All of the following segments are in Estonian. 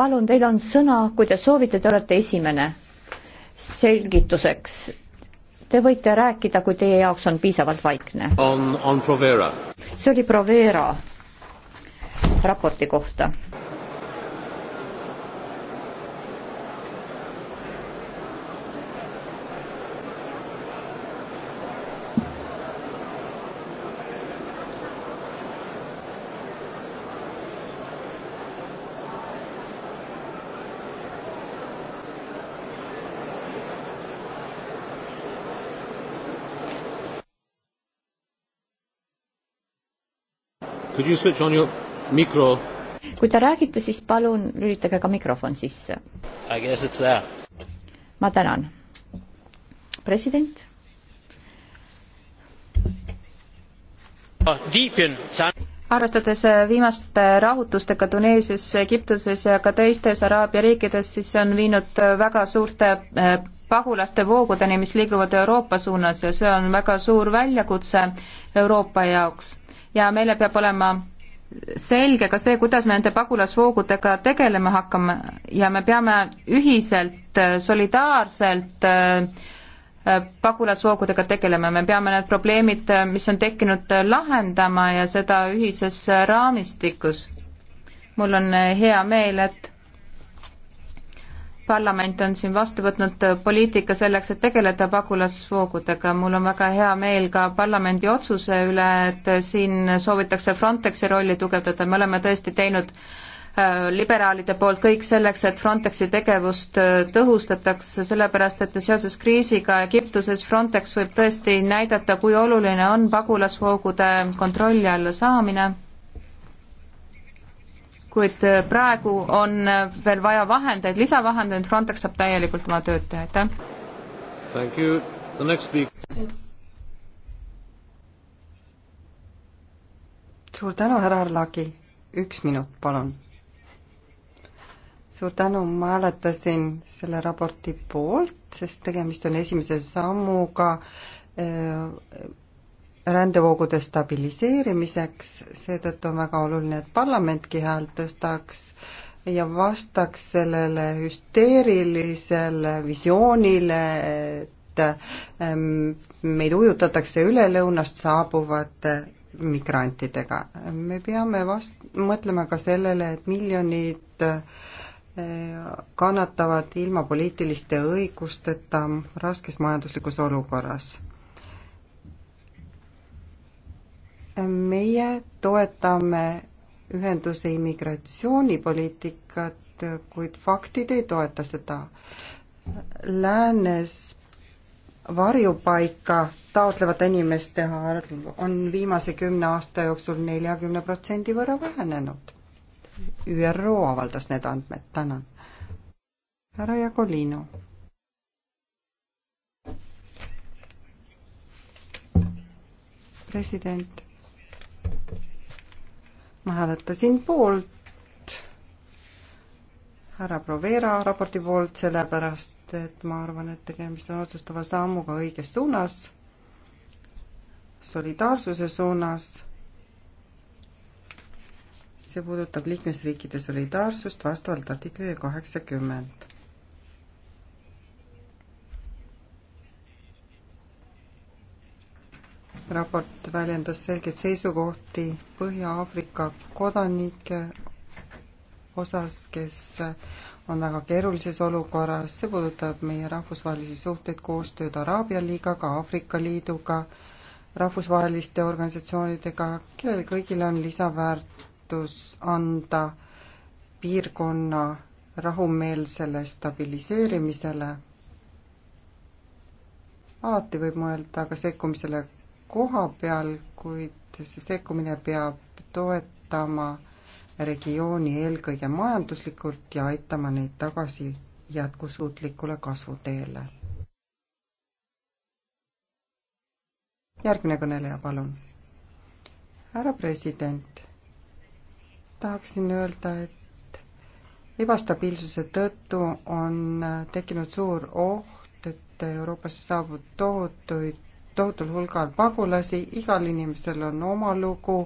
palun, teil on sõna, kui te soovite, te olete esimene selgituseks. Te võite rääkida, kui teie jaoks on piisavalt vaikne. see oli Provera raporti kohta. Could you switch on your mikro? kui te räägite, siis palun lülitage ka mikrofon sisse. I guess it's there. ma tänan. president. arvestades viimaste rahutustega Tuneesias, Egiptuses ja ka teistes Araabia riikides, siis see on viinud väga suurte eh, pagulaste voogudeni, mis liiguvad Euroopa suunas ja see on väga suur väljakutse Euroopa jaoks ja meile peab olema selge ka see, kuidas me nende pagulasvoogudega tegelema hakkame ja me peame ühiselt, solidaarselt äh, pagulasvoogudega tegelema, me peame need probleemid, äh, mis on tekkinud, äh, lahendama ja seda ühises raamistikus. mul on hea meel, et parlament on siin vastu võtnud äh, poliitika selleks, et tegeleda pagulasvoogudega. mul on väga hea meel ka parlamendi otsuse üle, et äh, siin soovitakse Frontexi rolli tugevdada, me oleme tõesti teinud äh, liberaalide poolt kõik selleks, et Frontexi tegevust tõhustatakse, sellepärast et seoses kriisiga Egiptuses Frontex võib tõesti näidata, kui oluline on pagulasvoogude kontrolli alla saamine kuid äh, praegu on äh, veel vaja vahendeid, lisavahendeid, Frontex saab täielikult oma tööd teha, aitäh! suur tänu, härra Arlagi, üks minut, palun! suur tänu, ma hääletasin selle raporti poolt, sest tegemist on esimese sammuga äh, rändevoogude stabiliseerimiseks, seetõttu on väga oluline, et parlamentki häält tõstaks ja vastaks sellele hüsteerilisele visioonile, et ähm, meid ujutatakse ülelõunast saabuvate migrantidega. me peame vast-, mõtlema ka sellele, et miljonid äh, kannatavad ilma poliitiliste õigusteta raskes majanduslikus olukorras meie toetame ühenduse immigratsioonipoliitikat, kuid faktid ei toeta seda. Läänes varjupaika taotlevate inimeste arv on viimase kümne aasta jooksul neljakümne protsendi võrra vähenenud. ÜRO avaldas need andmed, tänan. härra Jakolino president ma hääletasin poolt, härra Provera raporti poolt, sellepärast et ma arvan, et tegemist on otsustava sammuga õiges suunas, solidaarsuse suunas see puudutab liikmesriikide solidaarsust vastavalt artiklile kaheksakümmend. raport väljendas selgeid seisukohti Põhja-Aafrika kodanike osas, kes on väga keerulises olukorras, see puudutab meie rahvusvahelisi suhteid, koostööd Araabia liigaga, Aafrika Liiduga, rahvusvaheliste organisatsioonidega, kellele kõigile on lisaväärtus anda piirkonna rahumeelsele stabiliseerimisele alati võib mõelda ka sekkumisele koha peal, kuid see sekkumine peab toetama regiooni eelkõige majanduslikult ja aitama neid tagasi jätkusuutlikule kasvuteele. järgmine kõneleja, palun. härra president, tahaksin öelda, et ebastabiilsuse tõttu on tekkinud suur oht, et Euroopasse saabub tohutuid tohutul hulgal pagulasi, igal inimesel on oma lugu,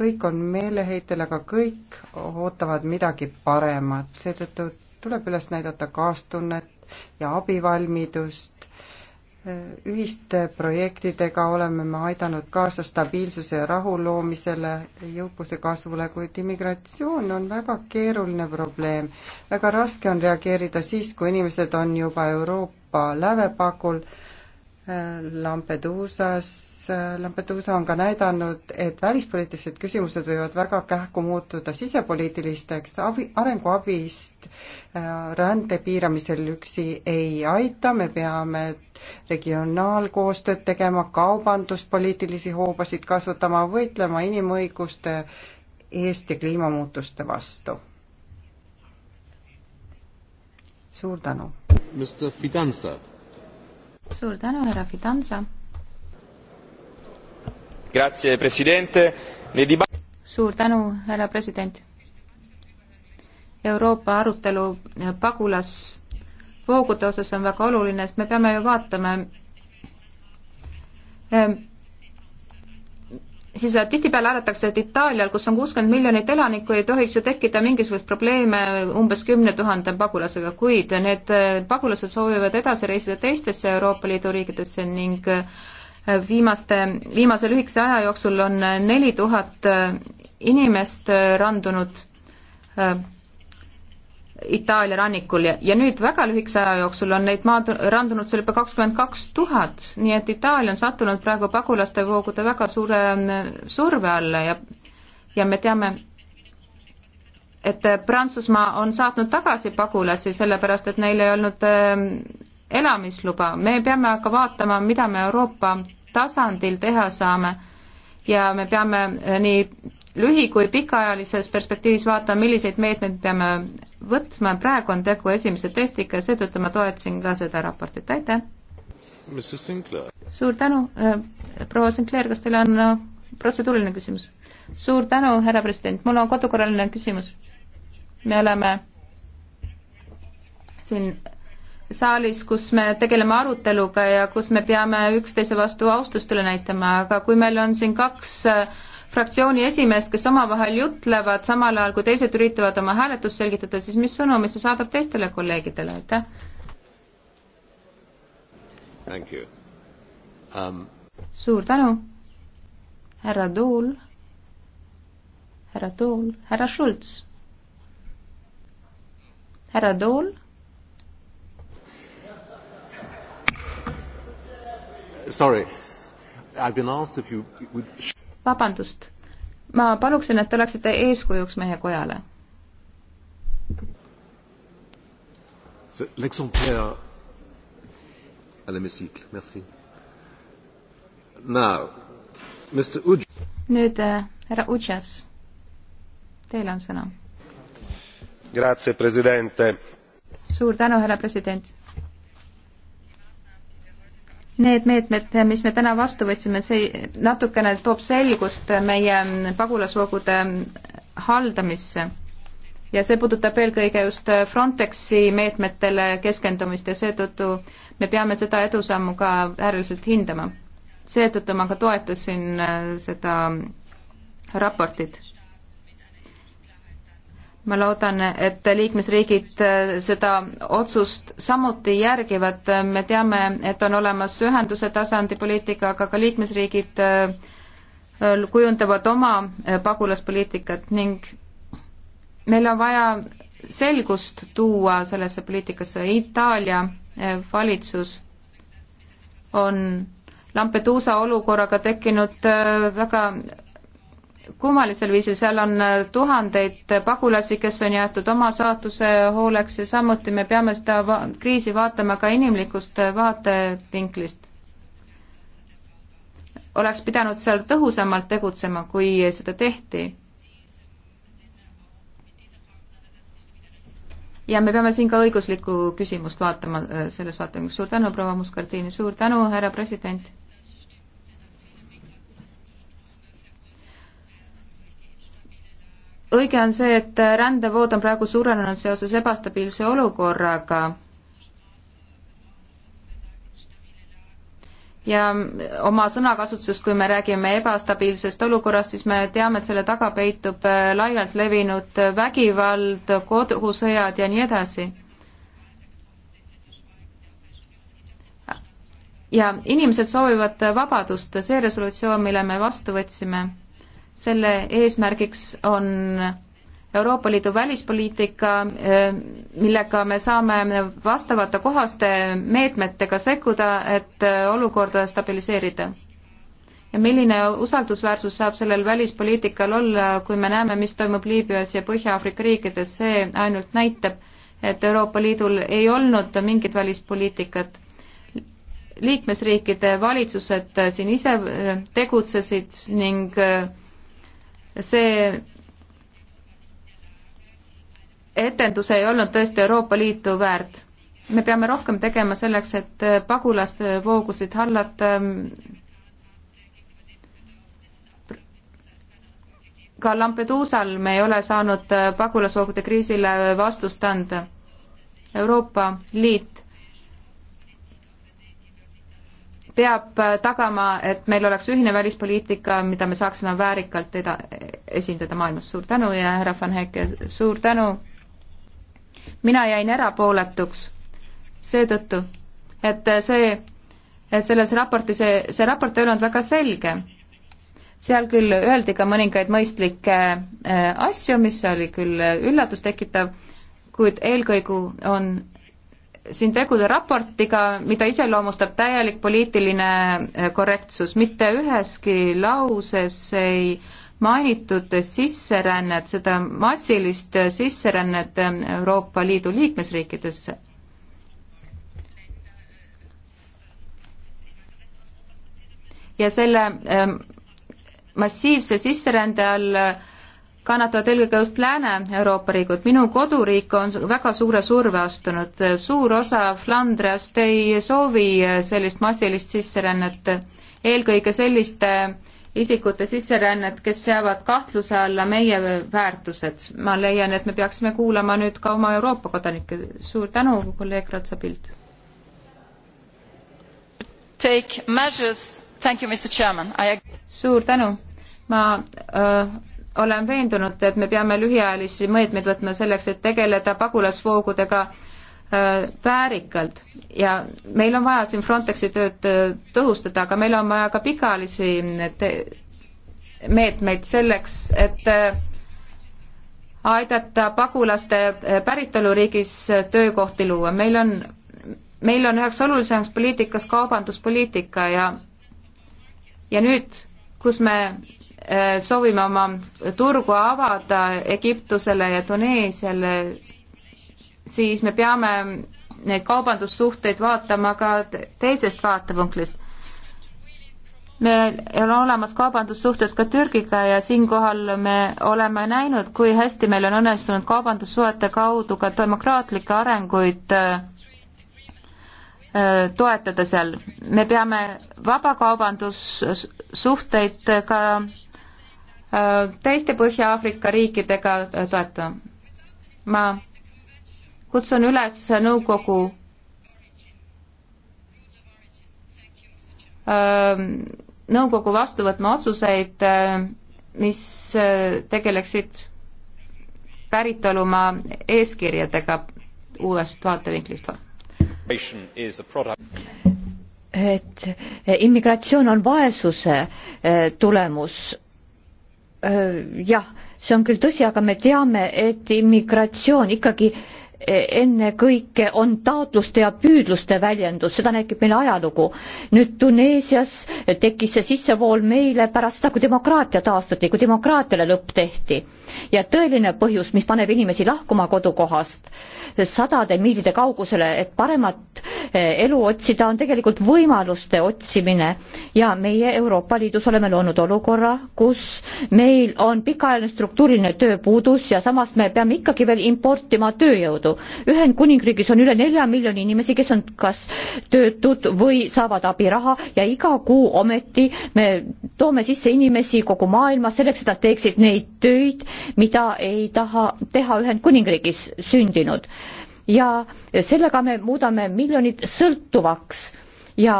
kõik on meeleheitel, aga kõik ootavad midagi paremat, seetõttu tuleb üles näidata kaastunnet ja abivalmidust. ühiste projektidega oleme me aidanud kaasa stabiilsuse ja rahu loomisele, jõukuse kasvule, kuid immigratsioon on väga keeruline probleem. väga raske on reageerida siis, kui inimesed on juba Euroopa lävepakul Lampeduusas, Lampeduusa on ka näidanud, et välispoliitilised küsimused võivad väga kähku muutuda sisepoliitilisteks, abi, arenguabist äh, rände piiramisel üksi ei aita, me peame regionaalkoostööd tegema, kaubanduspoliitilisi hoobasid kasutama, võitlema inimõiguste eest ja kliimamuutuste vastu. suur tänu! Mr Fidanza suur tänu, härra Fidanza. suur tänu, härra president. Euroopa arutelu eh, pagulasvoogude osas on väga oluline, sest me peame ju vaatama, eh, siis äh, tihtipeale arvatakse, et Itaalial, kus on kuuskümmend miljonit elanikku, ei tohiks ju tekkida mingisuguseid probleeme umbes kümne tuhande pagulasega, kuid need äh, pagulased soovivad edasi reisida teistesse Euroopa Liidu riikidesse ning äh, viimaste, viimase lühikese aja jooksul on neli tuhat inimest randunud Itaalia rannikul ja, ja nüüd väga lühikese aja jooksul on neid maad randunud seal juba kakskümmend kaks tuhat, nii et Itaalia on sattunud praegu pagulaste voogude väga suure mm, surve alla ja ja me teame, et Prantsusmaa on saatnud tagasi pagulasi, sellepärast et neil ei olnud mm, elamisluba. me peame aga vaatama, mida me Euroopa tasandil teha saame ja me peame eh, nii lühi- kui pikaajalises perspektiivis vaatame, milliseid meetmeid peame võtma, praegu on tegu esimese testiga ja seetõttu ma toetasin ka seda raportit, aitäh! suur tänu, äh, proua Sinclair, kas teil on äh, protseduuriline küsimus? suur tänu, härra president, mul on kodukorraline küsimus. me oleme siin saalis, kus me tegeleme aruteluga ja kus me peame üksteise vastu austust üle näitama, aga kui meil on siin kaks äh, fraktsiooni esimeest, kes omavahel jutlevad, samal ajal kui teised üritavad oma hääletust selgitada, siis mis sõnumi see saadab teistele kolleegidele, aitäh? Um... suur tänu, härra Tuul, härra Tuul, härra Schultz, härra Tuul sorry, I've been asked if you would vabandust, ma paluksin, et te oleksite eeskujuks meie kojale. L'exemplaire à l'hémicycle, merci. Now, Mr Uj-. nüüd äh, härra Udžas, teil on sõna. Grazie, president. suur tänu, härra president Need meetmed, mis me täna vastu võtsime, see natukene toob selgust meie pagulasvoogude haldamisse ja see puudutab eelkõige just Frontexi meetmetele keskendumist ja seetõttu me peame seda edusammu ka äärmiselt hindama. seetõttu ma ka toetasin äh, seda raportit ma loodan, et liikmesriigid äh, seda otsust samuti järgivad, me teame, et on olemas ühenduse tasandi poliitika, aga ka liikmesriigid äh, kujundavad oma äh, pagulaspoliitikat ning meil on vaja selgust tuua sellesse poliitikasse, Itaalia valitsus on Lampeduusa olukorraga tekkinud väga kummalisel viisil, seal on äh, tuhandeid pagulasi, kes on jäetud oma saatuse hooleks ja samuti me peame seda va kriisi vaatama ka inimlikust äh, vaatevinklist. oleks pidanud seal tõhusamalt tegutsema, kui seda tehti. ja me peame siin ka õiguslikku küsimust vaatama äh, selles vaatevinklist. suur tänu, proua Muskardiini, suur tänu, härra president õige on see, et rändevood on praegu suurenenud seoses ebastabiilse olukorraga ja oma sõnakasutusest, kui me räägime ebastabiilsest olukorrast, siis me teame, et selle taga peitub äh, laialt levinud vägivald, kodusõjad ja nii edasi. ja inimesed soovivad vabadust, see resolutsioon, mille me vastu võtsime selle eesmärgiks on Euroopa Liidu välispoliitika, eh, millega me saame vastavate kohaste meetmetega sekkuda, et eh, olukorda stabiliseerida. ja milline usaldusväärsus saab sellel välispoliitikal olla, kui me näeme, mis toimub Liibüas ja Põhja-Aafrika riikides, see ainult näitab, et Euroopa Liidul ei olnud mingit välispoliitikat. liikmesriikide valitsused eh, siin ise tegutsesid ning see etendus ei olnud tõesti Euroopa Liitu väärt. me peame rohkem tegema selleks, et pagulaste voogusid hallata. ka Lampeduusal me ei ole saanud pagulasvoogude kriisile vastust anda. Euroopa Liit peab tagama, et meil oleks ühine välispoliitika, mida me saaksime väärikalt eda-, esindada maailmas. suur tänu ja härra Van Hecke, suur tänu. mina jäin erapooletuks seetõttu, et see, et selles raportis, see, see raport ei olnud väga selge. seal küll öeldi ka mõningaid mõistlikke äh, asju, mis oli küll üllatust tekitav, kuid eelkõige on siin tegude raportiga, mida iseloomustab täielik poliitiline äh, korrektsus, mitte üheski lauses ei äh, mainitud sisserännet, seda massilist sisserännet Euroopa Liidu liikmesriikidesse. ja selle ähm, massiivse sisserände all kannatavad eelkõige just Lääne-Euroopa riigid. minu koduriik on väga suure surve astunud, suur osa Flandriast ei soovi sellist massilist sisserännet, eelkõige selliste äh, isikute sisserännet, kes seavad kahtluse alla meie väärtused. ma leian, et me peaksime kuulama nüüd ka oma Euroopa kodanikke. suur tänu, kolleeg Ratsa Pild. Take measures, thank you, Mr Chairman I.... suur tänu. ma öö, äh, olen veendunud, et me peame lühiajalisi meetmeid võtma selleks, et tegeleda pagulasvoogudega Äh, väärikalt ja meil on vaja siin Frontexi tööd äh, tõhustada, aga meil on vaja ka pikaajalisi äh, meetmeid selleks, et aidata pagulaste päritoluriigis töökohti luua. meil on, meil on üheks olulisemaks poliitikas kaubanduspoliitika ja ja nüüd, kus me soovime oma turgu avada Egiptusele ja Tuneesiale siis me peame neid kaubandussuhteid vaatama ka teisest vaatepunktist. meil on olemas kaubandussuhted ka Türgiga ja siinkohal me oleme näinud, kui hästi meil on õnnestunud kaubandussuhete kaudu ka demokraatlikke arenguid äh, toetada seal. me peame vabakaubandussuhteid ka äh, teiste Põhja-Aafrika riikidega äh, toetama. ma kutsun üles nõukogu ähm, nõukogu vastu võtma otsuseid, äh, mis äh, tegeleksid päritolumaa eeskirjadega uuest vaatevinklist. et immigratsioon on vaesuse äh, tulemus. jah, see on küll tõsi, aga me teame, et immigratsioon ikkagi äh, ennekõike on taotluste ja püüdluste väljendus, seda näitab meile ajalugu. nüüd Tuneesias tekkis see sissevool meile pärast seda, kui demokraatia taastati, kui demokraatiale lõpp tehti. ja tõeline põhjus, mis paneb inimesi lahkuma kodukohast sadade miilide kaugusele, et paremat eh, elu otsida, on tegelikult võimaluste otsimine ja meie Euroopa Liidus oleme loonud olukorra, kus meil on pikaajaline struktuuriline tööpuudus ja samas me peame ikkagi veel importima tööjõudu tõttu. Ühendkuningriigis on üle nelja miljoni inimesi, kes on kas töötud või saavad abiraha ja iga kuu ometi me toome sisse inimesi kogu maailmas selleks, et nad teeksid neid töid, mida ei taha teha Ühendkuningriigis sündinud. ja sellega me muudame miljonid sõltuvaks ja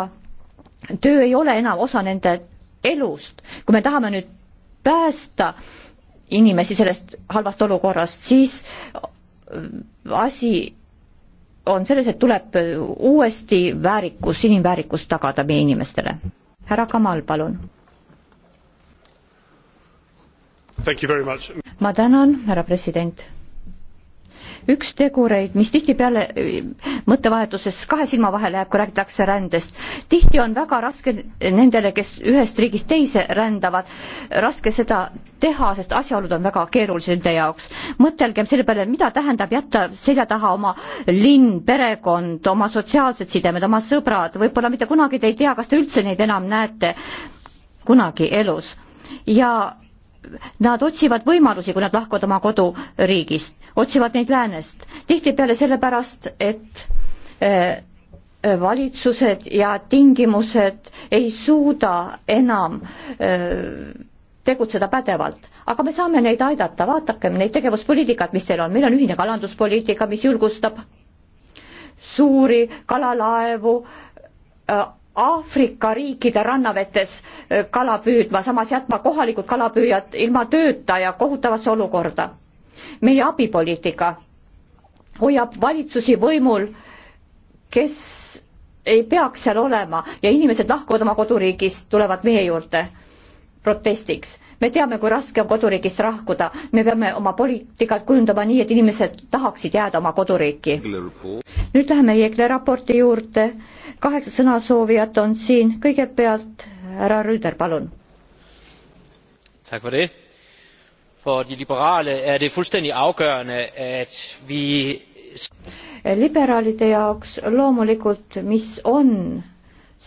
töö ei ole enam osa nende elust, kui me tahame nüüd päästa inimesi sellest halvast olukorrast, siis asi on selles, et tuleb uuesti väärikus, inimväärikus tagada meie inimestele. härra Kamal, palun. ma tänan, härra president üks tegureid, mis tihtipeale äh, mõttevahetuses kahe silma vahele jääb, kui räägitakse rändest. tihti on väga raske nendele, kes ühest riigist teise rändavad, raske seda teha, sest asjaolud on väga keerulised nende jaoks. mõtelgem selle peale, mida tähendab jätta selja taha oma linn, perekond, oma sotsiaalsed sidemed, oma sõbrad, võib-olla mitte kunagi te ei tea, kas te üldse neid enam näete kunagi elus ja nad otsivad võimalusi, kui nad lahkuvad oma koduriigist, otsivad neid läänest. tihtipeale sellepärast, et äh, äh, valitsused ja tingimused ei suuda enam äh, tegutseda pädevalt, aga me saame neid aidata, vaadakem neid tegevuspoliitikat, mis teil on, meil on ühine kalanduspoliitika, mis julgustab suuri kalalaevu Aafrika riikide rannavetes äh, kala püüdma, samas jätma kohalikud kalapüüjad ilma tööta ja kohutavasse olukorda. meie abipoliitika hoiab valitsusi võimul, kes ei peaks seal olema ja inimesed lahkuvad oma koduriigist, tulevad meie juurde protestiks. me teame, kui raske on koduriigist lahkuda, me peame oma poliitikat kujundama nii, et inimesed tahaksid jääda oma koduriiki. nüüd läheme Jeegle raporti juurde kaheksa sõnasoovijat on siin, kõigepealt härra Rüüder, palun. Er liberaalide jaoks loomulikult, mis on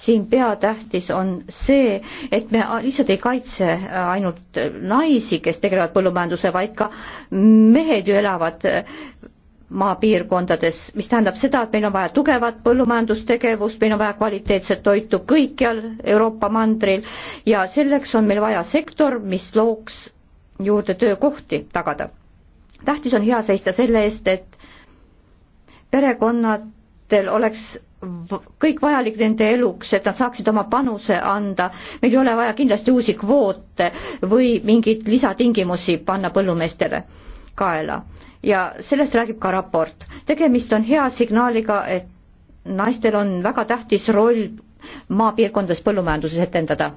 siin peatähtis on see, et me lihtsalt ei kaitse ainult naisi, kes tegelevad põllumajanduse, vaid ka mehed ju elavad maapiirkondades, mis tähendab seda, et meil on vaja tugevat põllumajandustegevust, meil on vaja kvaliteetset toitu kõikjal Euroopa mandril ja selleks on meil vaja sektor, mis looks juurde töökohti tagada. tähtis on hea seista selle eest, et perekonnadel oleks kõik vajalik nende eluks, et nad saaksid oma panuse anda, meil ei ole vaja kindlasti uusi kvoote või mingeid lisatingimusi panna põllumeestele kaela ja sellest räägib ka raport. tegemist on hea signaaliga, et naistel on väga tähtis roll maapiirkondades põllumajanduses etendada.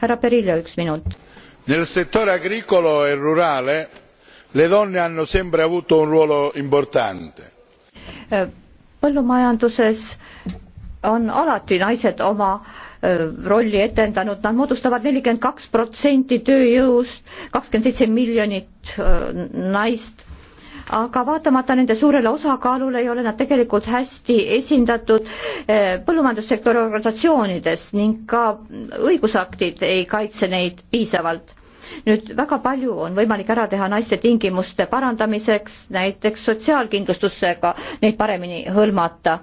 härra Perillo, üks minut. Nel settore agricolo e rurale le donne hanno sempre avuto un ruolo importante. Äh, põllumajanduses on alati naised oma äh, rolli etendanud, nad moodustavad nelikümmend kaks protsenti tööjõust, kakskümmend seitse miljonit äh, naist aga vaatamata nende suurele osakaalule ei ole nad tegelikult hästi esindatud eh, põllumajandussektori organisatsioonides ning ka õigusaktid ei kaitse neid piisavalt nüüd väga palju on võimalik ära teha naiste tingimuste parandamiseks, näiteks sotsiaalkindlustusega neid paremini hõlmata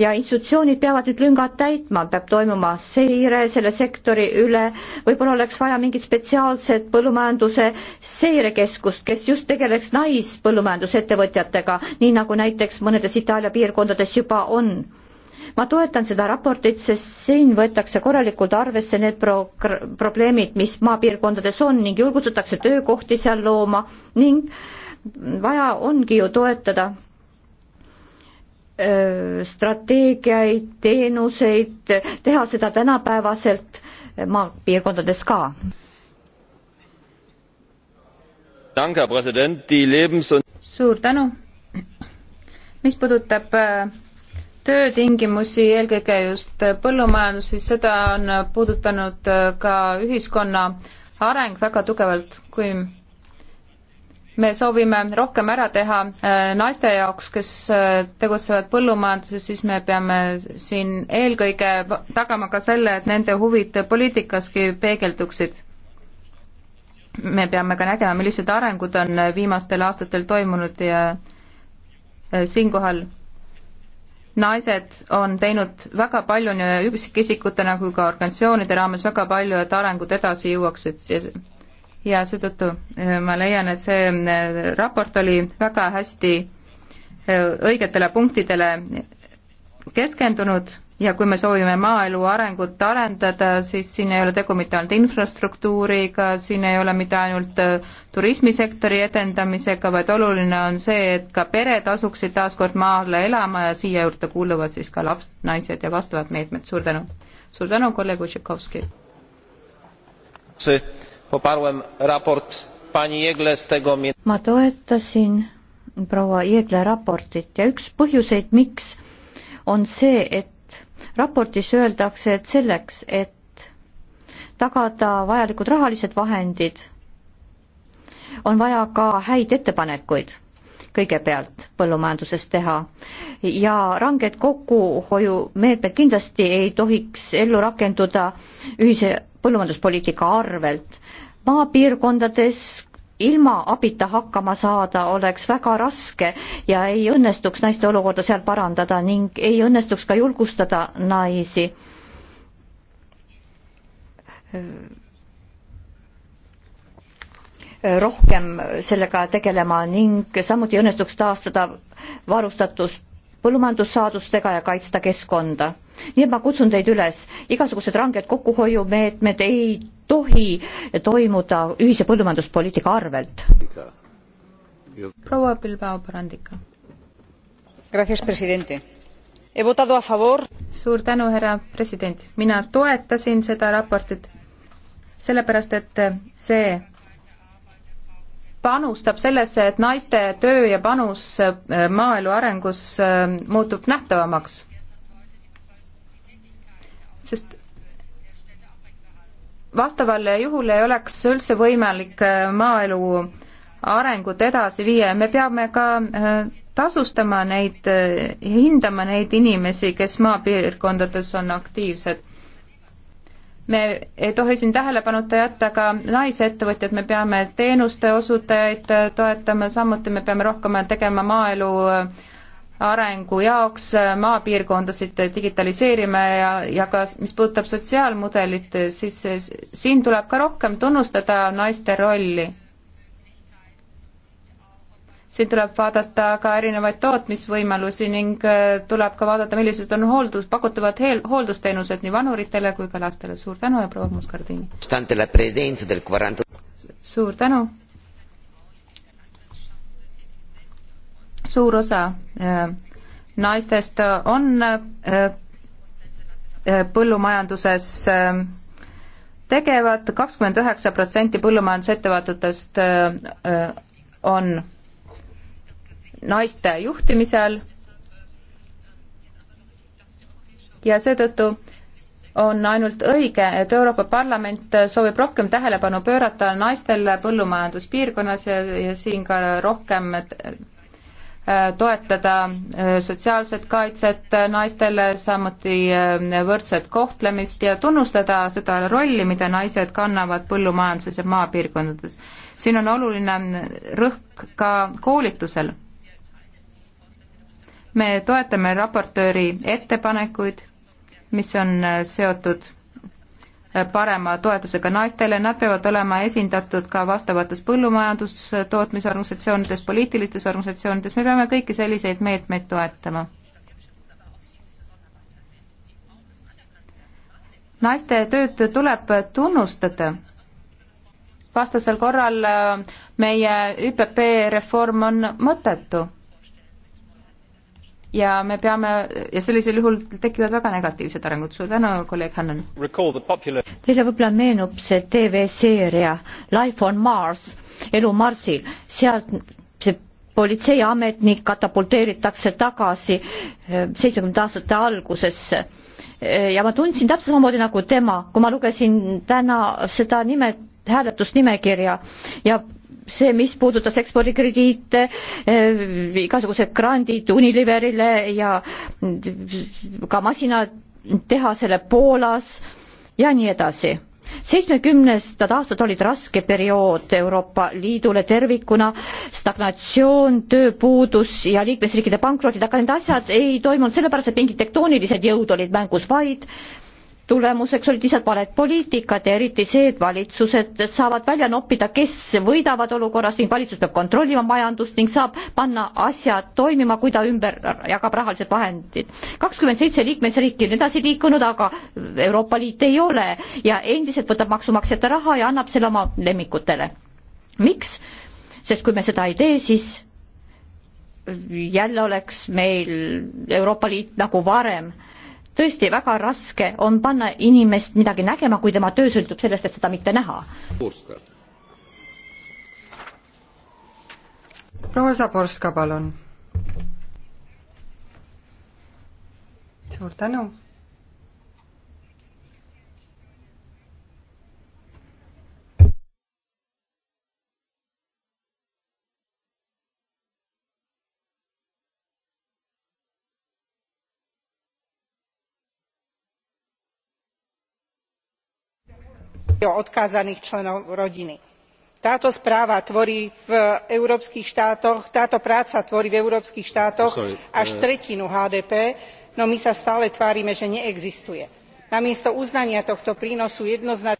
ja institutsioonid peavad nüüd lüngad täitma, peab toimuma seire selle sektori üle, võib-olla oleks vaja mingit spetsiaalset põllumajanduse seirekeskust, kes just tegeleks naispõllumajandusettevõtjatega, nii nagu näiteks mõnedes Itaalia piirkondades juba on ma toetan seda raportit, sest siin võetakse korralikult arvesse need pro-, probleemid, mis maapiirkondades on ning julgustatakse töökohti seal looma ning vaja ongi ju toetada strateegiaid, teenuseid, teha seda tänapäevaselt eh, maapiirkondades ka. suur tänu. mis puudutab äh, töötingimusi eelkõige just äh, põllumajanduses, siis seda on puudutanud äh, ka ühiskonna areng väga tugevalt, kui me soovime rohkem ära teha äh, naiste jaoks, kes äh, tegutsevad põllumajanduses, siis me peame siin eelkõige tagama ka selle, et nende huvid poliitikaski peegelduksid. me peame ka nägema, millised arengud on äh, viimastel aastatel toimunud ja siinkohal naised on teinud väga palju nii üksikisikutena nagu kui ka organisatsioonide raames väga palju, et arengud edasi jõuaksid ja seetõttu äh, ma leian, et see äh, raport oli väga hästi äh, õigetele punktidele keskendunud ja kui me soovime maaelu arengut arendada, siis siin ei ole tegu mitte ainult infrastruktuuriga, siin ei ole mitte ainult turismisektori edendamisega, vaid oluline on see, et ka pered asuksid taas kord maale elama ja siia juurde kuuluvad siis ka laps, naised ja vastavad meetmed, suur tänu. suur tänu, kolleeg Ušikovski. see ma toetasin proua Jeegle raportit ja üks põhjuseid, miks, on see, et raportis öeldakse, et selleks, et tagada vajalikud rahalised vahendid, on vaja ka häid ettepanekuid kõigepealt põllumajanduses teha ja ranged kokkuhoiumeetmed kindlasti ei tohiks ellu rakenduda ühise põllumajanduspoliitika arvelt maapiirkondades ilma abita hakkama saada oleks väga raske ja ei õnnestuks naiste olukorda seal parandada ning ei õnnestuks ka julgustada naisi rohkem sellega tegelema ning samuti õnnestuks taastada varustatus põllumajandussaadustega ja kaitsta keskkonda. nii et ma kutsun teid üles, igasugused ranged kokkuhoiumeetmed ei tohi toimuda ühise põllumajanduspoliitika arvelt. proua Bilbao Barandika. suur tänu, härra president, mina toetasin seda raportit sellepärast, et see panustab sellesse, et naiste töö ja panus äh, maaelu arengus äh, muutub nähtavamaks. sest vastaval juhul ei oleks üldse võimalik äh, maaelu arengut edasi viia ja me peame ka äh, tasustama neid, äh, hindama neid inimesi, kes maapiirkondades on aktiivsed. me ei tohi siin tähelepanuta jätta ka naisettevõtjad, me peame teenuste osutajaid toetama, samuti me peame rohkem tegema maaelu äh, arengu jaoks äh, maapiirkondasid digitaliseerima ja, ja ka mis puudutab sotsiaalmudelit, siis siin tuleb ka rohkem tunnustada naiste rolli. siin tuleb vaadata ka erinevaid tootmisvõimalusi ning äh, tuleb ka vaadata, millised on hooldus, pakutavad heel, hooldusteenused nii vanuritele kui ka lastele. suur tänu ja proua Muskardini! suur tänu! suur osa äh, naistest on äh, äh, põllumajanduses tegevad, kakskümmend üheksa protsenti põllumajandusettevõtetest on naiste juhtimise all ja seetõttu on ainult õige, et Euroopa Parlament soovib rohkem tähelepanu pöörata naistele põllumajanduspiirkonnas ja, ja siin ka rohkem Äh, toetada äh, sotsiaalset kaitset äh, naistele, samuti võrdset kohtlemist ja tunnustada seda rolli, mida naised kannavad põllumajanduses ja maapiirkondades. siin on oluline rõhk ka koolitusel. me toetame raportööri ettepanekuid, mis on seotud parema toetusega naistele, nad peavad olema esindatud ka vastavates põllumajandustootmisorganisatsioonides, poliitilistes organisatsioonides, me peame kõiki selliseid meetmeid toetama. naiste tööd tuleb tunnustada, vastasel korral meie ÜPP reform on mõttetu ja me peame, ja sellisel juhul tekivad väga negatiivsed arengud. suur tänu, kolleeg Hannan. Teile võib-olla meenub see tv-seeria Life on Mars, elu Marsil, sealt see politseiametnik katapulteeritakse tagasi eh, seitsmekümnendate aastate algusesse eh, ja ma tundsin täpselt samamoodi nagu tema, kui ma lugesin täna seda nime, hääletusnimekirja ja see, mis puudutas ekspordikrediite, eh, igasugused grandid Unileverile ja ka masinatehasele Poolas ja nii edasi. seitsmekümnestad aastad olid raske periood Euroopa Liidule tervikuna, stagnatsioon, tööpuudus ja liikmesriikide pankrotid, aga need asjad ei toimunud sellepärast, et mingid tektoonilised jõud olid mängus, vaid tulemuseks olid lihtsalt valed poliitikad ja eriti see, et valitsused saavad välja noppida, kes võidavad olukorrast ning valitsus peab kontrollima majandust ning saab panna asjad toimima, kui ta ümber jagab rahalised vahendid. kakskümmend seitse liikmesriiki on edasi liikunud, aga Euroopa Liit ei ole ja endiselt võtab maksumaksjate raha ja annab selle oma lemmikutele. miks? sest kui me seda ei tee, siis jälle oleks meil Euroopa Liit nagu varem tõesti väga raske on panna inimest midagi nägema, kui tema töö sõltub sellest, et seda mitte näha. proua Zaborska, palun. suur tänu odkázaných členov rodiny. táto práca tvorí v európskych štátoch až eh. tretinu hdp no my sa stále tvárime že neexistuje. namiesto uznania tohto prínosu jednoznačne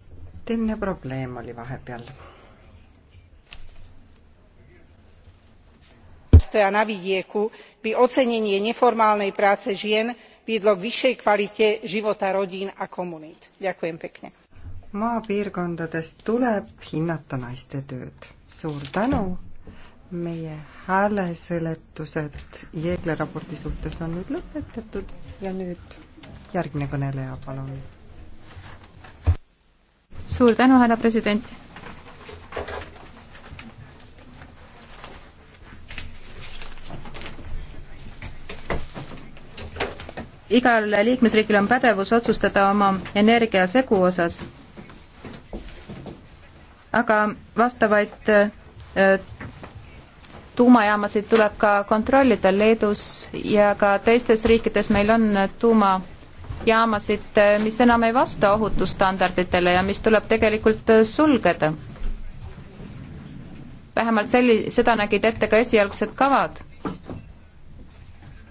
a na vidieku by ocenenie neformálnej práce žien viedlo k vyššej kvalite života rodín a komunít. ďakujem pekne maapiirkondadest tuleb hinnata naiste tööd. suur tänu, meie hääleseletused Jeegle raporti suhtes on nüüd lõpetatud ja nüüd järgmine kõneleja, palun. suur tänu, härra president. igal liikmesriigil on pädevus otsustada oma energiasegu osas aga vastavaid äh, tuumajaamasid tuleb ka kontrollida Leedus ja ka teistes riikides meil on tuumajaamasid, äh, mis enam ei vasta ohutusstandarditele ja mis tuleb tegelikult äh, sulgeda. vähemalt selli-, seda nägid ette ka esialgsed kavad.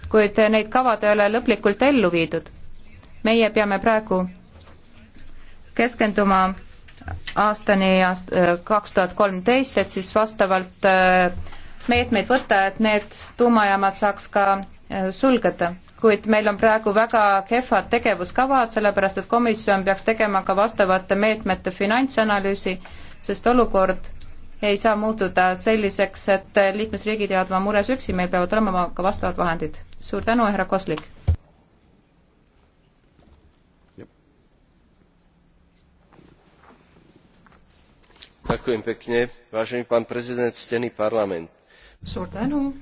kuid neid kavad ei ole lõplikult ellu viidud. meie peame praegu keskenduma aastani aast-, äh, kaks tuhat kolmteist, et siis vastavalt äh, meetmeid võtta, et need tuumajaamad saaks ka äh, sulgeda. kuid meil on praegu väga kehvad tegevuskavad, sellepärast et komisjon peaks tegema ka vastavate meetmete finantsanalüüsi, sest olukord ei saa muutuda selliseks, et liikmesriigid jäävad oma mures üksi, meil peavad olema ka vastavad vahendid. suur tänu, härra Koslik! suur tänu.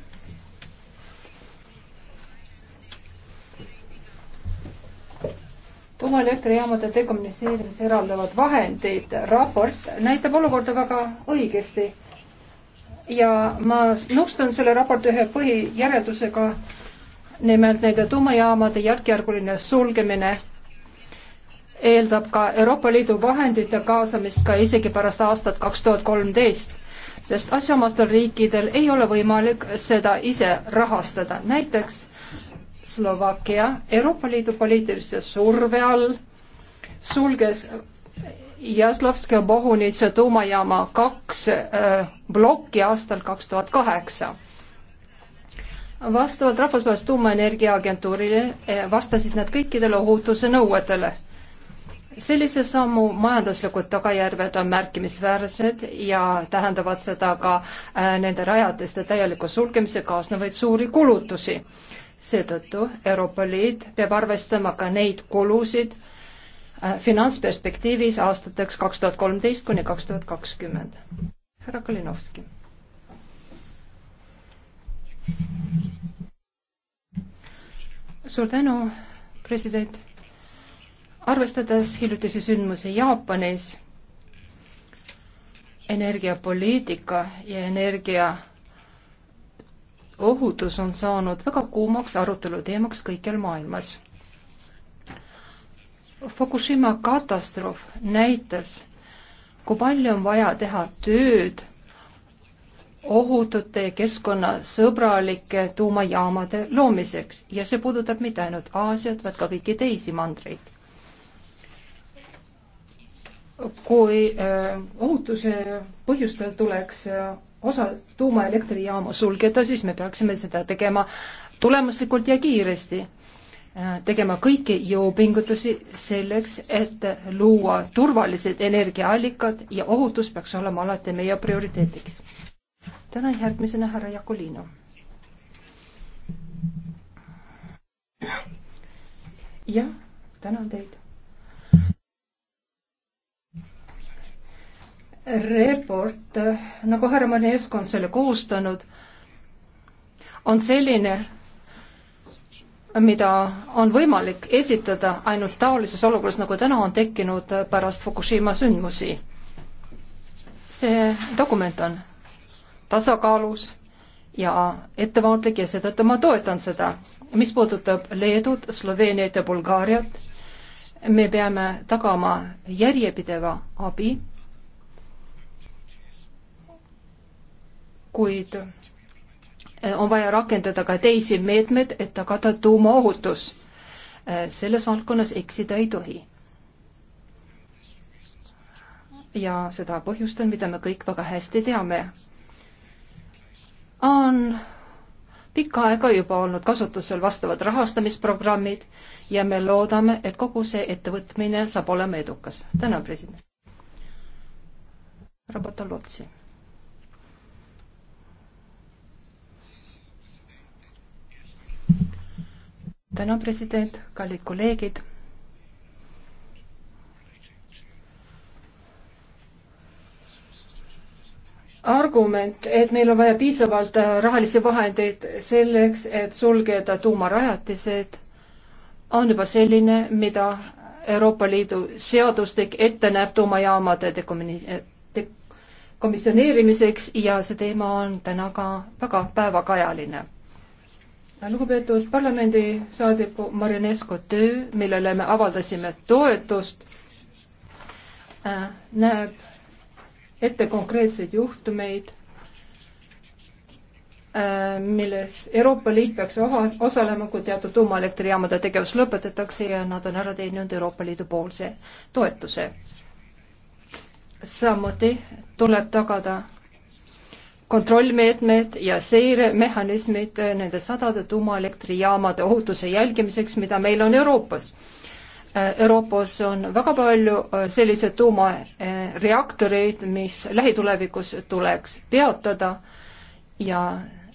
tuumaelektrijaamade dekommuniseerimiseks eraldavad vahendid, raport näitab olukorda väga õigesti. ja ma nõustun selle raporti ühe põhijäreldusega, nimelt nende tuumajaamade järkjärguline sulgemine eeldab ka Euroopa Liidu vahendite kaasamist ka isegi pärast aastat kaks tuhat kolmteist, sest asjaomastel riikidel ei ole võimalik seda ise rahastada. näiteks Slovakkia Euroopa Liidu poliitilise surve all sulges Jaslovski Bohunitsa tuumajaama kaks äh, plokki aastal kaks tuhat kaheksa vastavalt Rahvusvahelise Tuumaenergia Agentuurile äh, vastasid nad kõikidele ohutuse nõuetele sellise sammu majanduslikud tagajärjed on märkimisväärsed ja tähendavad seda ka äh, nende rajatiste täieliku sulgemise kaasnevaid suuri kulutusi. seetõttu Euroopa Liit peab arvestama ka neid kulusid äh, finantsperspektiivis aastateks kaks tuhat kolmteist kuni kaks tuhat kakskümmend. härra Kalinovski. suur tänu, president arvestades hiljutisi sündmusi Jaapanis, energiapoliitika ja energia ohutus on saanud väga kuumaks aruteluteemaks kõikjal maailmas. Fukushima katastroof näitas, kui palju on vaja teha tööd ohutute ja keskkonnasõbralike tuumajaamade loomiseks ja see puudutab mitte ainult Aasiat, vaid ka kõiki teisi mandreid kui äh, ohutuse põhjustel tuleks äh, osa tuumaelektrijaama sulgeda, siis me peaksime seda tegema tulemuslikult ja kiiresti, äh, tegema kõiki jõupingutusi selleks, et luua turvalised energiaallikad ja ohutus peaks olema alati meie prioriteediks. tänan järgmisena härra Jakolino. jah, tänan teid raport, nagu härra Manesko on selle koostanud, on selline, mida on võimalik esitada ainult taolises olukorras, nagu täna on tekkinud pärast Fukushima sündmusi. see dokument on tasakaalus ja ettevaatlik ja seetõttu ma toetan seda. mis puudutab Leedut, Sloveeniat ja Bulgaariat, me peame tagama järjepideva abi kuid eh, on vaja rakendada ka teisi meetmeid, et tagada tuumaohutus. Eh, selles valdkonnas eksida ei tohi. ja seda põhjustel, mida me kõik väga hästi teame, on pikka aega juba olnud kasutusel vastavad rahastamisprogrammid ja me loodame, et kogu see ettevõtmine saab olema edukas. tänan, president. Robotalotsi tänan, president, kallid kolleegid. argument, et meil on vaja piisavalt äh, rahalisi vahendeid selleks, et sulgeda tuumarajatised, on juba selline, mida Euroopa Liidu seadustik ette näeb tuumajaamade dekomisjoneerimiseks ja see teema on täna ka väga päevakajaline lugupeetud parlamendisaadiku Marinesko töö, millele me avaldasime toetust, äh, näeb ette konkreetseid juhtumeid, äh, milles Euroopa Liit peaks osalema, kui teatud tuumaelektrijaamade tegevus lõpetatakse ja nad on ära teeninud Euroopa Liidu poolse toetuse. samuti tuleb tagada kontrollmeetmed ja seiremehhanismid nende sadade tuumaelektrijaamade ohutuse jälgimiseks, mida meil on Euroopas. Euroopas on väga palju äh, selliseid tuumareaktoreid, mis lähitulevikus tuleks peatada ja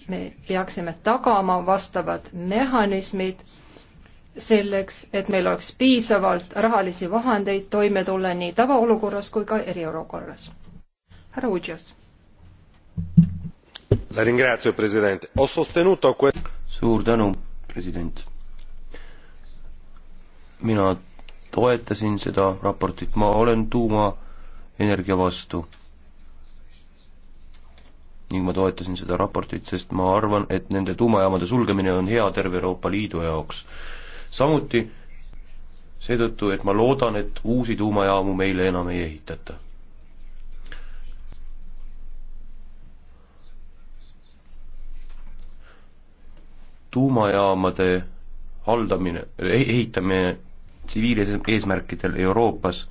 me peaksime tagama vastavad mehhanismid selleks, et meil oleks piisavalt rahalisi vahendeid toime tulla nii tavaolukorras kui ka eriolukorras. härra Udžas ho sostenuto suur tänu president mina toetasin seda raportit ma olen tuumaenergia vastu ning ma toetasin seda raportit sest ma arvan et nende tuumajaamade sulgemine on hea terve Euroopa Liidu jaoks samuti seetõttu et ma loodan et uusi tuumajaamu meile enam ei ehitata tuumajaamade haldamine, eh, ehitamine tsiviileesmärkidel Euroopas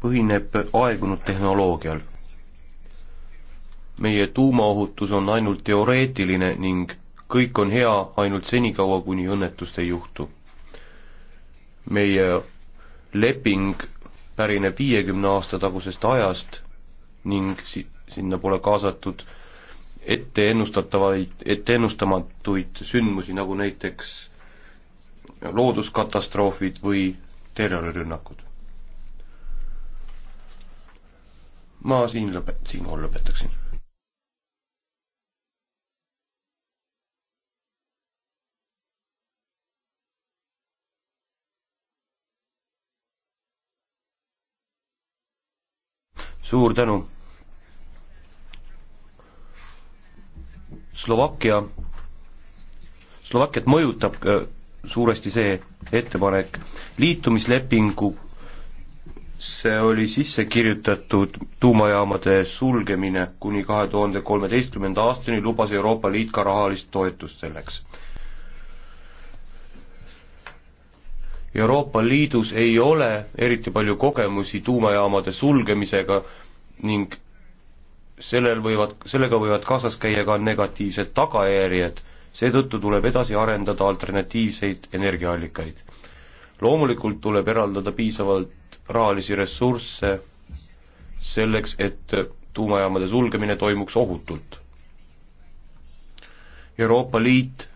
põhineb aegunud tehnoloogial. meie tuumaohutus on ainult teoreetiline ning kõik on hea ainult senikaua, kuni õnnetust ei juhtu. meie leping pärineb viiekümne aasta tagusest ajast ning si-, sinna pole kaasatud äh, ette ennustatavaid, ette ennustamatuid sündmusi, nagu näiteks looduskatastroofid või terrorirünnakud. ma siin lõpe-, siinkohal lõpetaksin. suur tänu Slovakkia, Slovakkiat mõjutab äh, suuresti see ettepanek, liitumislepingu see oli sisse kirjutatud tuumajaamade sulgemine kuni kahe tuhande kolmeteistkümnenda aastani, lubas Euroopa Liit ka rahalist toetust selleks. Euroopa Liidus ei ole eriti palju kogemusi tuumajaamade sulgemisega ning sellel võivad, sellega võivad kaasas käia ka negatiivsed tagajärjed, seetõttu tuleb edasi arendada alternatiivseid energiaallikaid. loomulikult tuleb eraldada piisavalt rahalisi ressursse selleks, et tuumajaamade sulgemine toimuks ohutult. Euroopa Liit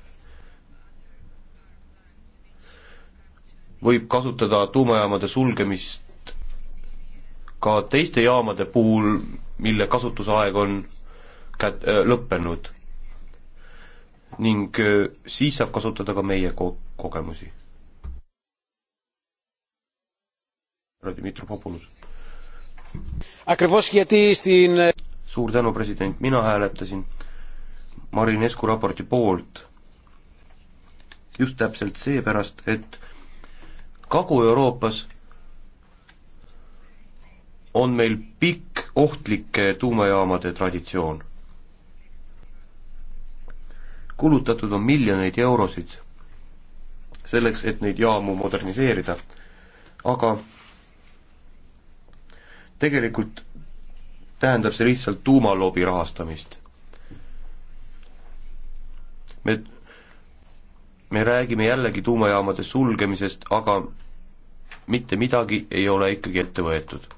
võib kasutada tuumajaamade sulgemist ka teiste jaamade puhul, mille kasutusaeg on kät-, lõppenud. ning siis saab kasutada ka meie ko-, kogemusi. härra Dmitri Populus. suur tänu, president, mina hääletasin Marinescu raporti poolt just täpselt seepärast, et Kagu-Euroopas on meil pikk ohtlike tuumajaamade traditsioon. kulutatud on miljoneid eurosid selleks, et neid jaamu moderniseerida, aga tegelikult tähendab see lihtsalt tuumalobi rahastamist. me, me räägime jällegi tuumajaamade sulgemisest, aga mitte midagi ei ole ikkagi ette võetud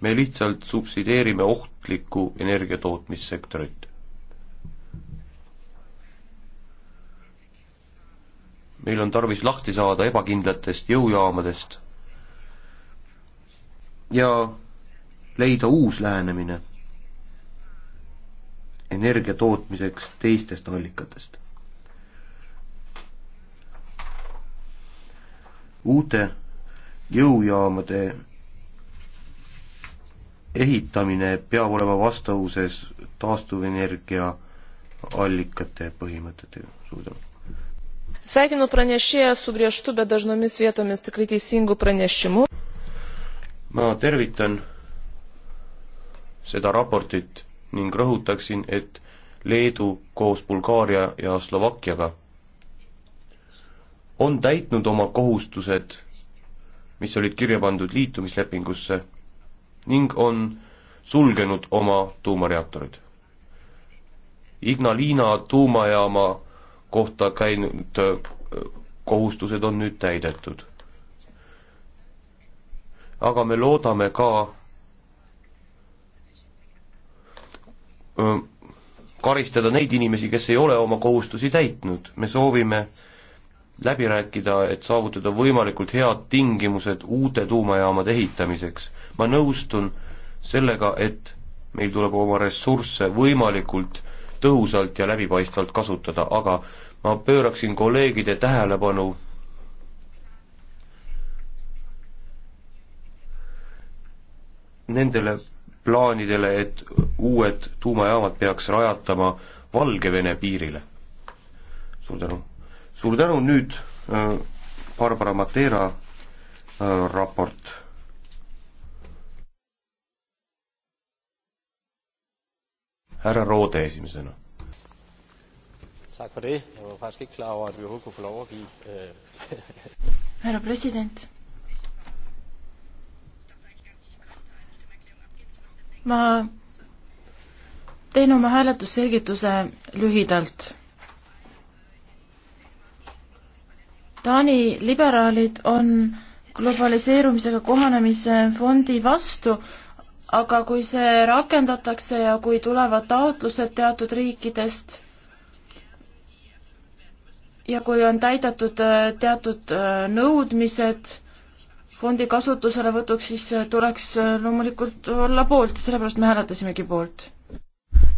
me lihtsalt subsideerime ohtlikku energiatootmissektorit. meil on tarvis lahti saada ebakindlatest jõujaamadest ja leida uus lähenemine energia tootmiseks teistest allikatest. uute jõujaamade ehitamine peab olema vastavuses taastuvenergia allikate põhimõtetega. suur tänu! sveikinu pranešėją su griežtu bet dažnomis vietomis tikrai teisingu pranešimu. ma tervitan seda raportit ning rõhutaksin, et Leedu koos Bulgaaria ja Slovakkiaga on täitnud oma kohustused, mis olid kirja pandud liitumislepingusse ning on sulgenud oma tuumareaktorid. Ignalina tuumajaama kohta käinud äh, kohustused on nüüd täidetud. aga me loodame ka äh, karistada neid inimesi, kes ei ole oma kohustusi täitnud, me soovime läbi rääkida, et saavutada võimalikult head tingimused uute tuumajaamade ehitamiseks. ma nõustun sellega, et meil tuleb oma ressursse võimalikult tõhusalt ja läbipaistvalt kasutada, aga ma pööraksin kolleegide tähelepanu nendele plaanidele, et uued tuumajaamad peaks rajatama Valgevene piirile. suur tänu! suur tänu, nüüd äh, Barbara Matera äh, raport. härra Roode esimesena. härra øh. president ma teen oma hääletusselgituse lühidalt Taani liberaalid on globaliseerumisega kohanemise fondi vastu, aga kui see rakendatakse ja kui tulevad taotlused teatud riikidest ja kui on täidetud äh, teatud äh, nõudmised fondi kasutuselevõtuks, siis äh, tuleks loomulikult olla poolt, sellepärast me hääletasimegi poolt.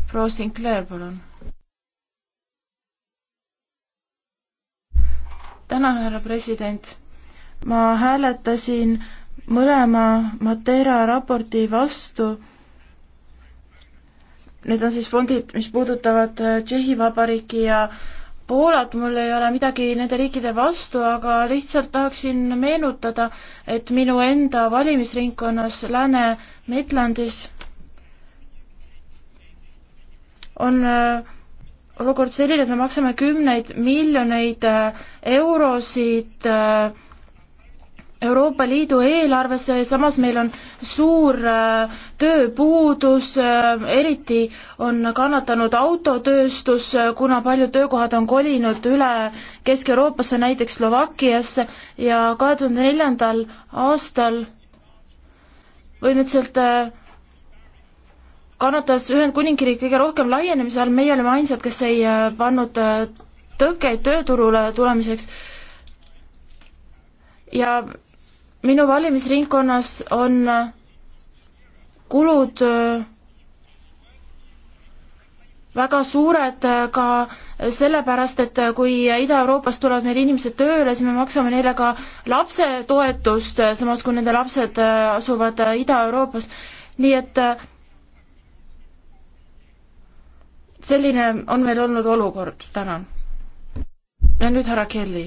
proua Sinclair, palun tänan, härra president. ma hääletasin mõlema Matera raporti vastu. Need on siis fondid, mis puudutavad äh, Tšehhi Vabariiki ja Poolat, mul ei ole midagi nende riikide vastu, aga lihtsalt tahaksin meenutada, et minu enda valimisringkonnas Lääne-Midlandis on äh, olukord selline, et me maksame kümneid miljoneid äh, eurosid äh, Euroopa Liidu eelarvesse ja samas meil on suur äh, tööpuudus, eriti on kannatanud autotööstus, kuna paljud töökohad on kolinud üle Kesk-Euroopasse, näiteks Slovakkiasse ja kahe tuhande neljandal aastal põhimõtteliselt kannatas Ühendkuningriik kõige rohkem laienemise all, meie olime ainsad, kes ei äh, pannud äh, tõkkeid tööturule tulemiseks. ja minu valimisringkonnas on äh, kulud väga suured ka sellepärast, et kui Ida-Euroopast tulevad meil inimesed tööle, siis me maksame neile ka lapsetoetust, samas kui nende lapsed asuvad Ida-Euroopas. nii et selline on meil olnud olukord, tänan. ja nüüd härra Kelly.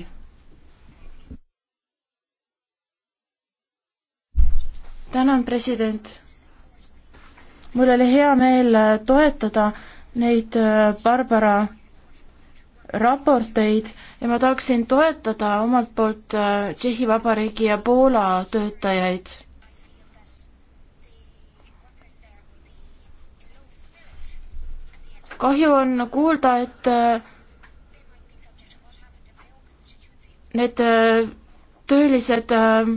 tänan, president. mul oli hea meel äh, toetada neid äh, Barbara raporteid ja ma tahaksin toetada omalt poolt äh, Tšehhi Vabariigi ja Poola töötajaid kahju on kuulda, et äh, need äh, töölised äh,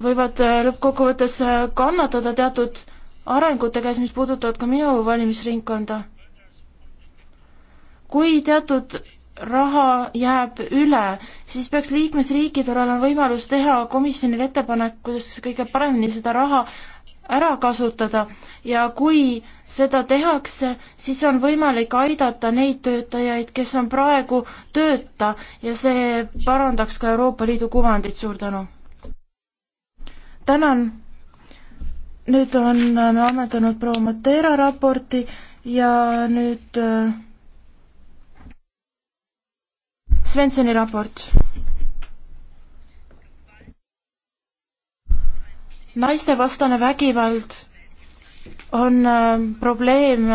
võivad lõppkokkuvõttes kannatada teatud arengute käes, mis puudutavad ka minu valimisringkonda. kui teatud raha jääb üle, siis peaks liikmesriikidel olema võimalus teha komisjonile ettepanek, kuidas kõige paremini seda raha ära kasutada ja kui seda tehakse, siis on võimalik aidata neid töötajaid, kes on praegu tööta ja see parandaks ka Euroopa Liidu kuvandit, suur tänu! tänan! nüüd on äh, me ammendanud proua Matera raporti ja nüüd äh, Svensoni raport naistevastane vägivald on äh, probleem,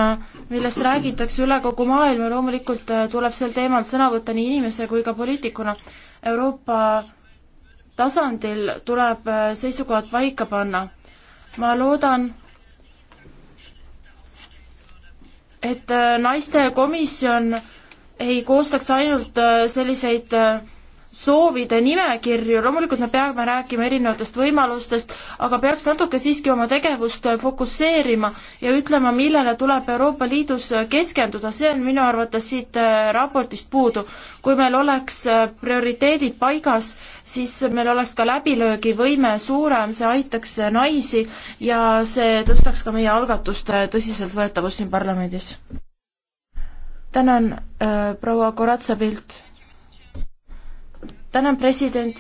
millest räägitakse üle kogu maailma, loomulikult äh, tuleb sel teemal sõna võtta nii inimese kui ka poliitikuna. Euroopa tasandil tuleb äh, seisukohad paika panna. ma loodan, et naistekomisjon ei koostaks ainult selliseid äh, soovide nimekirju, loomulikult me peame rääkima erinevatest võimalustest, aga peaks natuke siiski oma tegevust fokusseerima ja ütlema, millele tuleb Euroopa Liidus keskenduda, see on minu arvates siit äh, raportist puudu. kui meil oleks äh, prioriteedid paigas, siis meil oleks ka läbilöögivõime suurem, see aitaks äh, naisi ja see tõstaks ka meie algatuste tõsiseltvõetavust siin parlamendis. tänan äh,, proua Koratsa-Pilt tänan, president.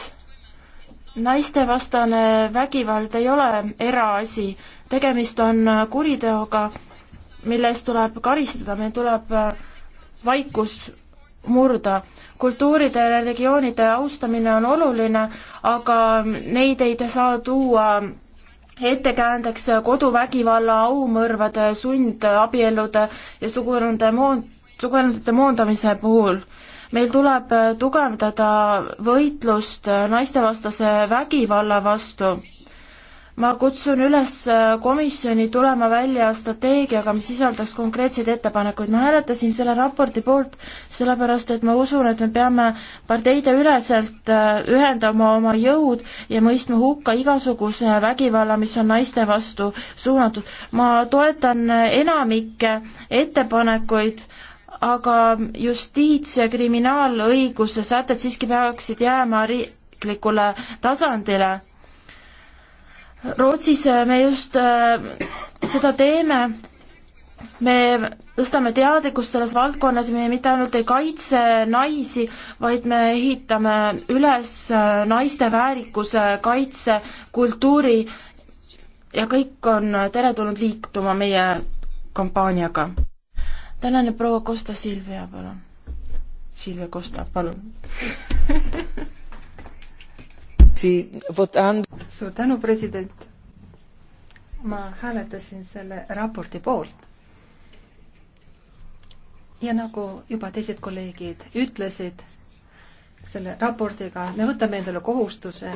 naistevastane vägivald ei ole eraasi, tegemist on kuriteoga, mille eest tuleb karistada, meil tuleb äh, vaikus murda. kultuuride ja religioonide austamine on oluline, aga neid ei saa tuua ettekäändeks koduvägivalla, aumõrvade, sundabielude ja suguelundide moon-, suguelundite moondamise puhul meil tuleb äh, tugevdada võitlust äh, naistevastase vägivalla vastu. ma kutsun üles äh, komisjoni tulema välja strateegiaga, mis sisaldaks konkreetseid ettepanekuid. ma hääletasin selle raporti poolt sellepärast, et ma usun, et me peame parteideüleselt ühendama oma jõud ja mõistma hukka igasuguse vägivalla, mis on naiste vastu suunatud. ma toetan enamikke ettepanekuid aga justiits- ja kriminaalõiguse sätted siiski peaksid jääma riiklikule tasandile. Rootsis me just äh, seda teeme, me tõstame teadlikkust selles valdkonnas, me mitte ainult ei kaitse naisi, vaid me ehitame üles äh, naiste väärikuse kaitse, kultuuri ja kõik on teretulnud liituma meie kampaaniaga tänane proua Costa Silvia, palun. Silvia Costa, palun suur tänu, president. ma hääletasin selle raporti poolt. ja nagu juba teised kolleegid ütlesid, selle raportiga me võtame endale kohustuse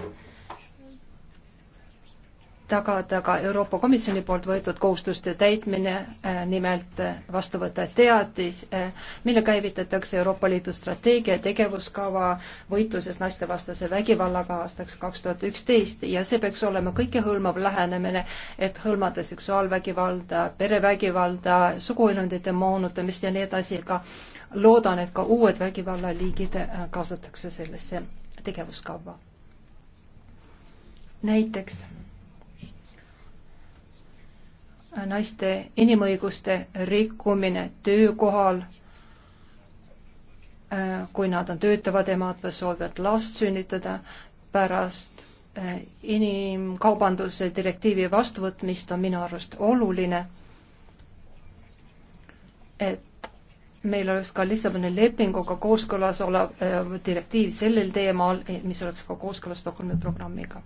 tagada ka Euroopa Komisjoni poolt võetud kohustuste täitmine, äh, nimelt äh, vastu võtta teatis, äh, mille käivitatakse Euroopa Liidu strateegia tegevuskava võitluses naistevastase vägivallaga aastaks kaks tuhat üksteist ja see peaks olema kõikehõlmav lähenemine, et hõlmada seksuaalvägivalda, perevägivalda, suguelundite moonutamist ja nii edasi, aga loodan, et ka uued vägivallaliigid kaasatakse sellesse tegevuskavva. näiteks naiste inimõiguste rikkumine töökohal, äh, kui nad on töötavad emad või soovivad last sünnitada, pärast äh, inimkaubanduse direktiivi vastuvõtmist on minu arust oluline, et meil oleks ka Lissaboni lepinguga kooskõlas olev äh, direktiiv sellel teemal, mis oleks ka kooskõlas Stockholmi programmiga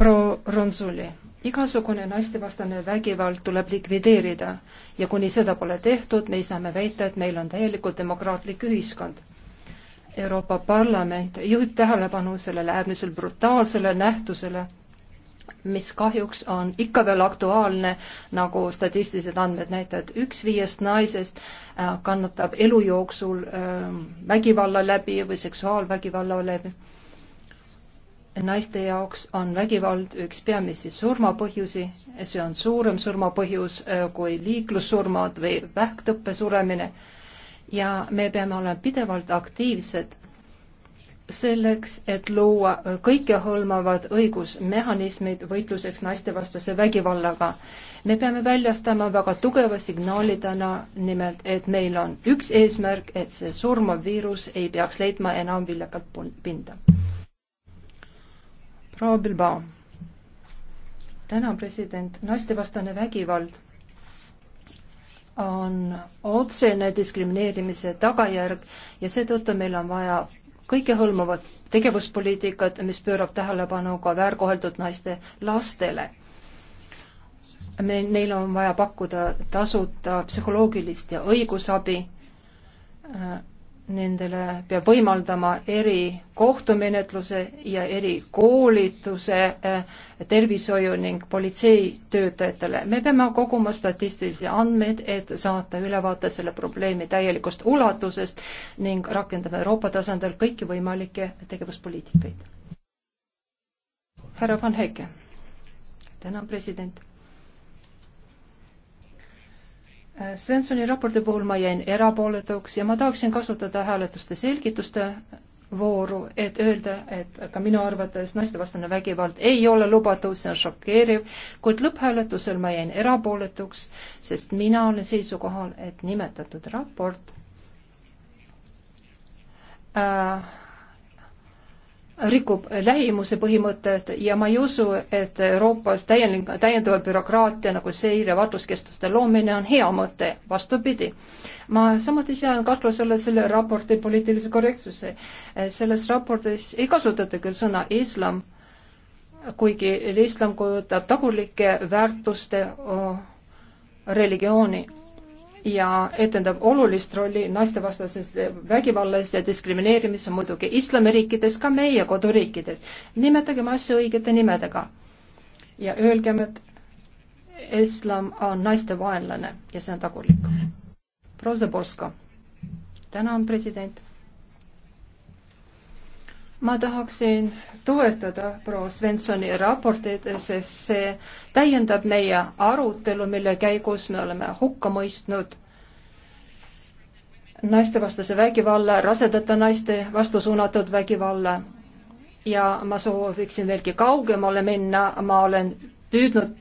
proua Ronzuli, igasugune naistevastane vägivald tuleb likvideerida ja kuni seda pole tehtud, me saame väita, et meil on täielikult demokraatlik ühiskond. Euroopa Parlament juhib tähelepanu sellele äärmiselt brutaalsele nähtusele, mis kahjuks on ikka veel aktuaalne, nagu statistilised andmed näitavad, üks viiest naisest äh, kannatab elu jooksul äh, vägivalla läbi või seksuaalvägivalla läbi naiste jaoks on vägivald üks peamisi surmapõhjusi, see on suurem surmapõhjus äh, kui liiklussurmad või vähktõppe suremine ja me peame olema pidevalt aktiivsed selleks, et luua kõikehõlmavad õigusmehhanismid võitluseks naistevastase vägivallaga. me peame väljastama väga tugeva signaali täna, nimelt et meil on üks eesmärk, et see surmav viirus ei peaks leidma enam viljakalt pinda proua Bilbao. täna president, naistevastane vägivald on otsene diskrimineerimise tagajärg ja seetõttu meil on vaja kõikehõlmavat tegevuspoliitikat, mis pöörab tähelepanu ka väärkoheldud naiste lastele. me, neil on vaja pakkuda tasuta psühholoogilist ja õigusabi Nendele peab võimaldama erikohtumenetluse ja erikoolituse eh, tervishoiu ning politseitöötajatele. me peame koguma statistilisi andmeid, et saata ülevaate selle probleemi täielikust ulatusest ning rakendame Euroopa tasandil kõiki võimalikke tegevuspoliitikaid. härra Van Heike, tänan, president Svensoni raporti puhul ma jäin erapooletuks ja ma tahaksin kasutada hääletuste selgituste vooru, et öelda, et ka minu arvates naistevastane vägivald ei ole lubatud, see on šokeeriv, kuid lõpphääletusel ma jäin erapooletuks, sest mina olen seisukohal, et nimetatud raport äh, rikub lähimuse põhimõtet ja ma ei usu, et Euroopas täielik, täiendava bürokraatia nagu seire vaatluskeskuste loomine on hea mõte, vastupidi. ma samuti sean kahtlusele selle raporti poliitilise korrektsuse. selles raportis ei kasutata küll sõna islam, kuigi islam kujutab tagurlike väärtuste religiooni ja etendab olulist rolli naistevastases vägivallas ja diskrimineerimises muidugi islamiriikides, ka meie koduriikides. nimetagem asju õigete nimedega ja öelgem, et islam on naiste vaenlane ja see on tagurlik. proua Zaborska, tänan, president ma tahaksin toetada proua Svensoni raporteid, sest see täiendab meie arutelu, mille käigus me oleme hukka mõistnud naistevastase vägivalla, rasedate naiste vastu suunatud vägivalla. ja ma sooviksin veelgi kaugemale minna, ma olen püüdnud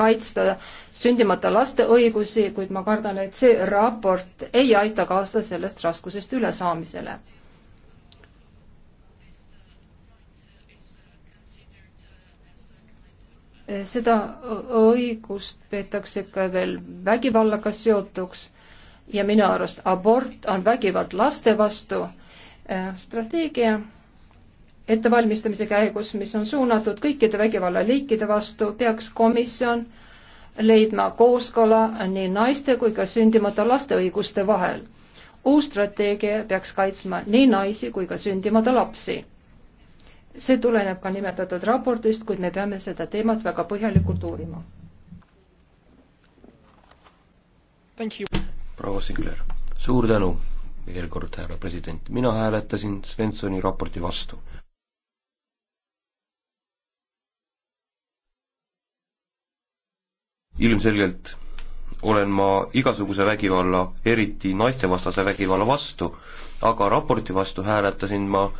kaitsta sündimata laste õigusi, kuid ma kardan, et see raport ei aita kaasa sellest raskusest ülesaamisele seda õigust peetakse ka veel vägivallaga seotuks ja minu arust abort on vägivald laste vastu. Äh, strateegia ettevalmistamise käigus, mis on suunatud kõikide vägivallaliikide vastu, peaks komisjon leidma kooskõla nii naiste kui ka sündimata laste õiguste vahel. uus strateegia peaks kaitsma nii naisi kui ka sündimata lapsi see tuleneb ka nimetatud raportist, kuid me peame seda teemat väga põhjalikult uurima. proua Singler, suur tänu veel kord, härra president, mina hääletasin Svensoni raporti vastu. ilmselgelt olen ma igasuguse vägivalla, eriti naistevastase vägivalla vastu, aga raporti vastu hääletasin ma äh,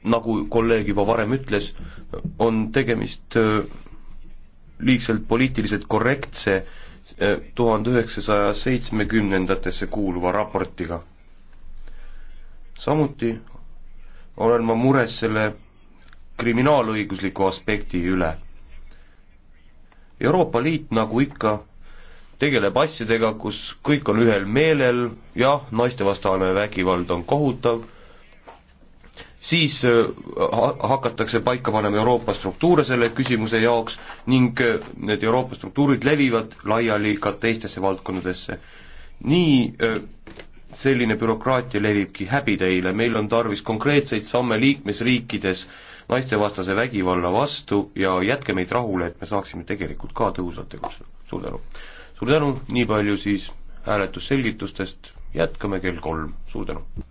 nagu kolleeg juba varem ütles, on tegemist äh, liigselt poliitiliselt korrektse äh, tuhande üheksasaja seitsmekümnendatesse kuuluva raportiga. samuti olen ma mures selle kriminaalõigusliku aspekti üle. Euroopa Liit, nagu ikka, tegeleb asjadega, kus kõik on ühel meelel, jah, naistevastane vägivald on kohutav siis äh, hakatakse paika panema Euroopa struktuure selle küsimuse jaoks ning äh, need Euroopa struktuurid levivad laiali ka teistesse valdkondadesse. nii äh, selline bürokraatia levibki häbitäile, meil on tarvis konkreetseid samme liikmesriikides naistevastase vägivalla vastu ja jätke meid rahule, et me saaksime tegelikult ka tõhusalt tegutseda. suur tänu. suur tänu, nii palju siis hääletusselgitustest, jätkame kell kolm, suur tänu.